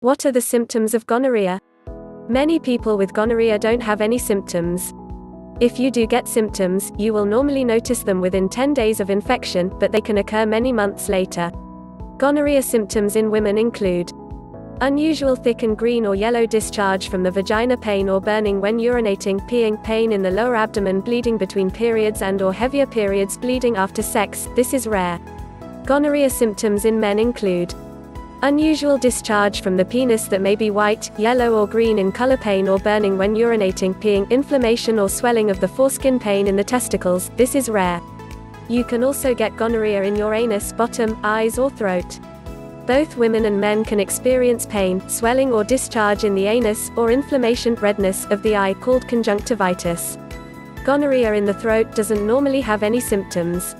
What are the symptoms of gonorrhea? Many people with gonorrhea don't have any symptoms. If you do get symptoms, you will normally notice them within 10 days of infection, but they can occur many months later. Gonorrhea symptoms in women include unusual thick and green or yellow discharge from the vagina pain or burning when urinating peeing pain in the lower abdomen bleeding between periods and or heavier periods bleeding after sex this is rare gonorrhea symptoms in men include Unusual discharge from the penis that may be white, yellow or green in color pain or burning when urinating peeing inflammation or swelling of the foreskin pain in the testicles, this is rare. You can also get gonorrhea in your anus, bottom, eyes or throat. Both women and men can experience pain, swelling or discharge in the anus, or inflammation, redness, of the eye called conjunctivitis. Gonorrhea in the throat doesn't normally have any symptoms.